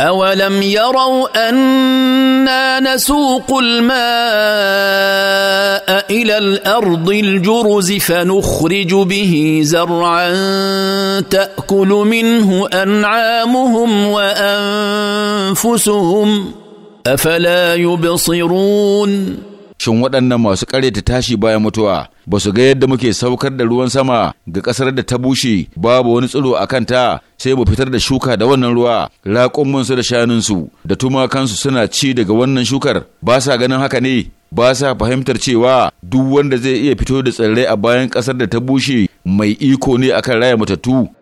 أولم يروا أنا نسوق الماء إلى الأرض الجرز فنخرج به زرعا تأكل منه أنعامهم وأنفسهم أفلا يبصرون shin waɗannan masu ƙareta tashi bayan mutuwa ba su ga yadda muke saukar da ruwan sama ga ƙasar da ta bushe babu wani tsiro a kanta sai mu fitar da shuka da wannan ruwa raƙumansu da shanunsu da tumakansu suna ci daga wannan shukar ba sa ganin haka ne ba sa fahimtar cewa duk wanda zai iya fito da tsirrai a bayan ƙasar da ta bushe mai iko ne akan raya matattu